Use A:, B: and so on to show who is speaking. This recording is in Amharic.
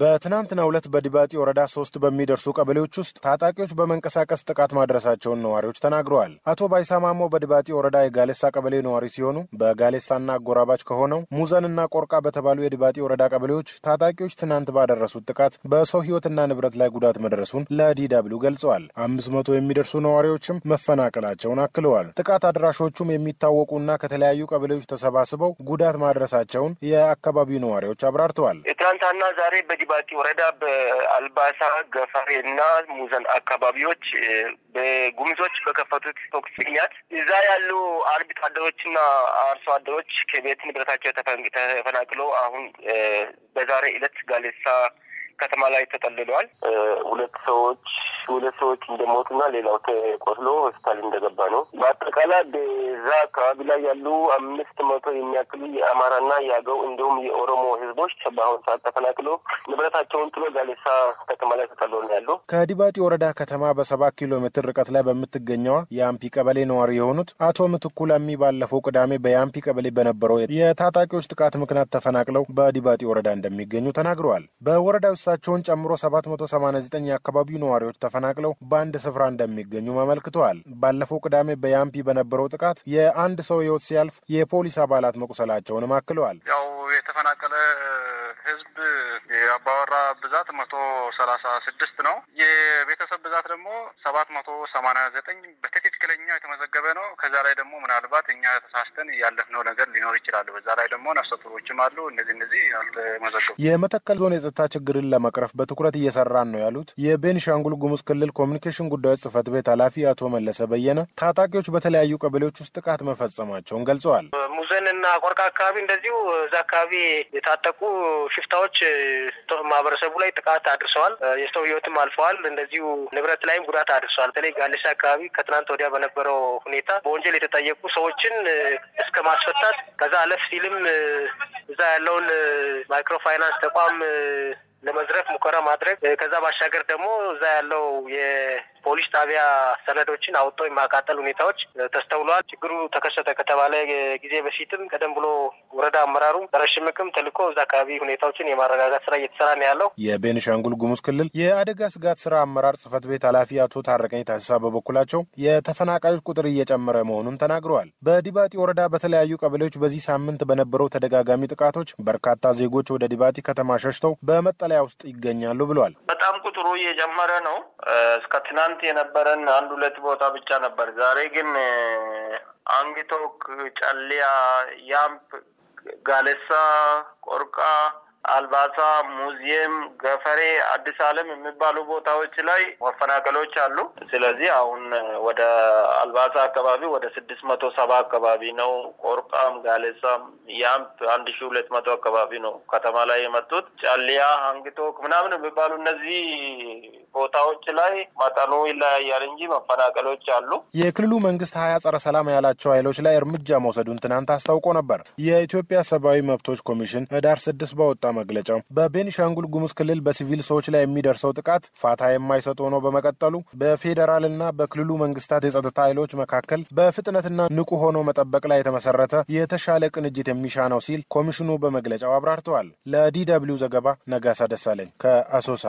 A: በትናንትና ሁለት በዲባጢ ወረዳ ሶስት በሚደርሱ ቀበሌዎች ውስጥ ታጣቂዎች በመንቀሳቀስ ጥቃት ማድረሳቸውን ነዋሪዎች ተናግረዋል። አቶ ባይሳ ማሞ በዲባጢ ወረዳ የጋሌሳ ቀበሌ ነዋሪ ሲሆኑ በጋሌሳና አጎራባች ከሆነው ሙዘንና ቆርቃ በተባሉ የዲባጢ ወረዳ ቀበሌዎች ታጣቂዎች ትናንት ባደረሱት ጥቃት በሰው ሕይወትና ንብረት ላይ ጉዳት መድረሱን ለዲደብሊው ገልጸዋል። አምስት መቶ የሚደርሱ ነዋሪዎችም መፈናቀላቸውን አክለዋል። ጥቃት አድራሾቹም የሚታወቁና ከተለያዩ ቀበሌዎች ተሰባስበው ጉዳት ማድረሳቸውን የአካባቢው ነዋሪዎች አብራርተዋል።
B: በዲባቲ ወረዳ በአልባሳ ገፋሬ እና ሙዘን አካባቢዎች በጉምዞች በከፈቱት ተኩስ ምክንያት እዛ ያሉ አርብቶ አደሮችና አርሶ አደሮች ከቤት ንብረታቸው ተፈናቅሎ አሁን በዛሬ ዕለት ጋሌሳ ከተማ ላይ ተጠልሏል። ሁለት ሰዎች ሁለት ሰዎች እንደሞቱና ሌላው ተቆስሎ ሆስፒታል እንደገባ ነው። በአጠቃላይ በዛ አካባቢ ላይ ያሉ አምስት መቶ የሚያክሉ የአማራና የአገው እንዲሁም የኦሮሞ ህዝቦች በአሁኑ ሰዓት ተፈናቅሎ ንብረታቸውን ጥሎ ጋሌሳ ከተማ ላይ ተጠሎ ነው ያሉ።
A: ከዲባጢ ወረዳ ከተማ በሰባት ኪሎ ሜትር ርቀት ላይ በምትገኘዋ የአምፒ ቀበሌ ነዋሪ የሆኑት አቶ ምትኩ ለሚ ባለፈው ቅዳሜ በየአምፒ ቀበሌ በነበረው የታጣቂዎች ጥቃት ምክንያት ተፈናቅለው በዲባጢ ወረዳ እንደሚገኙ ተናግረዋል። በወረዳው እሳቸውን ጨምሮ 789 የአካባቢው ነዋሪዎች ተፈናቅለው በአንድ ስፍራ እንደሚገኙ አመልክተዋል። ባለፈው ቅዳሜ በያምፒ በነበረው ጥቃት የአንድ ሰው ህይወት ሲያልፍ የፖሊስ አባላት መቁሰላቸውንም አክለዋል። ያው የተፈናቀለ ህዝብ የአባወራ ብዛት
B: መቶ ሰላሳ ስድስት ነው። የቤተሰብ ብዛት ደግሞ ሰባት መቶ ሰማንያ ዘጠኝ በትክክለኛው የተመዘገበ ነው። ከዛ ላይ ደግሞ ምናልባት እኛ ተሳስተን ያለፍነው ነገር
C: ሊኖር ይችላል። በዛ ላይ ደግሞ ነፍሰ ጡሮችም አሉ። እነዚህ እነዚህ አልተመዘገቡ።
A: የመተከል ዞን የጸጥታ ችግርን ለመቅረፍ በትኩረት እየሰራን ነው ያሉት የቤንሻንጉል ጉሙዝ ክልል ኮሚኒኬሽን ጉዳዮች ጽህፈት ቤት ኃላፊ አቶ መለሰ በየነ ታጣቂዎች በተለያዩ ቀበሌዎች ውስጥ ጥቃት መፈጸማቸውን ገልጸዋል።
C: ሙዘን እና ቆርቃ አካባቢ እንደዚሁ እዛ አካባቢ የታጠቁ ሽፍታዎች ማህበረሰቡ ላይ ጥቃት አድርሰዋል። የሰው ህይወትም አልፈዋል። እንደዚሁ ንብረት ላይም ጉዳት አድርሰዋል። በተለይ ጋሌሳ አካባቢ ከትናንት ወዲያ በነበረው ሁኔታ በወንጀል የተጠየቁ ሰዎችን እስከ ማስፈታት ከዛ አለፍ ሲልም እዛ ያለውን ማይክሮ ፋይናንስ ተቋም ሙከራ ማድረግ ከዛ ባሻገር ደግሞ እዛ ያለው የፖሊስ ጣቢያ ሰነዶችን አውጥቶ የማቃጠል ሁኔታዎች ተስተውሏል። ችግሩ ተከሰተ ከተባለ ጊዜ በፊትም ቀደም ብሎ ወረዳ አመራሩ ረሽምቅም ተልኮ እዛ አካባቢ ሁኔታዎችን የማረጋጋት ስራ እየተሰራ ነው ያለው።
A: የቤኒሻንጉል ጉሙዝ ክልል የአደጋ ስጋት ስራ አመራር ጽህፈት ቤት ኃላፊ አቶ ታረቀኝ ታሲሳ በበኩላቸው የተፈናቃዮች ቁጥር እየጨመረ መሆኑን ተናግረዋል። በዲባጢ ወረዳ በተለያዩ ቀበሌዎች በዚህ ሳምንት በነበረው ተደጋጋሚ ጥቃቶች በርካታ ዜጎች ወደ ዲባጢ ከተማ ሸሽተው በመጠለያ ውስጥ ይገኛሉ ብለዋል።
B: በጣም ቁጥሩ እየጨመረ ነው። እስከ ትናንት የነበረን አንድ ሁለት ቦታ ብቻ ነበር። ዛሬ ግን አንግቶክ፣ ጨልያ፣ ያምፕ galesa korka አልባሳ ሙዚየም፣ ገፈሬ፣ አዲስ አለም የሚባሉ ቦታዎች ላይ መፈናቀሎች አሉ። ስለዚህ አሁን ወደ አልባሳ አካባቢ ወደ ስድስት መቶ ሰባ አካባቢ ነው። ቆርቃም፣ ጋሌሳም፣ ያምፕ አንድ ሺ ሁለት መቶ አካባቢ ነው ከተማ ላይ የመጡት። ጫሊያ፣ አንግቶክ ምናምን የሚባሉ እነዚህ ቦታዎች ላይ መጠኑ ይለያያል እንጂ መፈናቀሎች አሉ።
A: የክልሉ መንግስት ሀያ ጸረ ሰላም ያላቸው ኃይሎች ላይ እርምጃ መውሰዱን ትናንት አስታውቆ ነበር። የኢትዮጵያ ሰብአዊ መብቶች ኮሚሽን ህዳር ስድስት በወጣ መግለጫው በቤኒሻንጉል ጉሙዝ ክልል በሲቪል ሰዎች ላይ የሚደርሰው ጥቃት ፋታ የማይሰጥ ሆኖ በመቀጠሉ በፌዴራልና በክልሉ መንግስታት የጸጥታ ኃይሎች መካከል በፍጥነትና ንቁ ሆኖ መጠበቅ ላይ የተመሰረተ የተሻለ ቅንጅት የሚሻ ነው ሲል ኮሚሽኑ በመግለጫው አብራርተዋል። ለዲ ደብልዩ ዘገባ ነጋሳ ደሳለኝ ከአሶሳ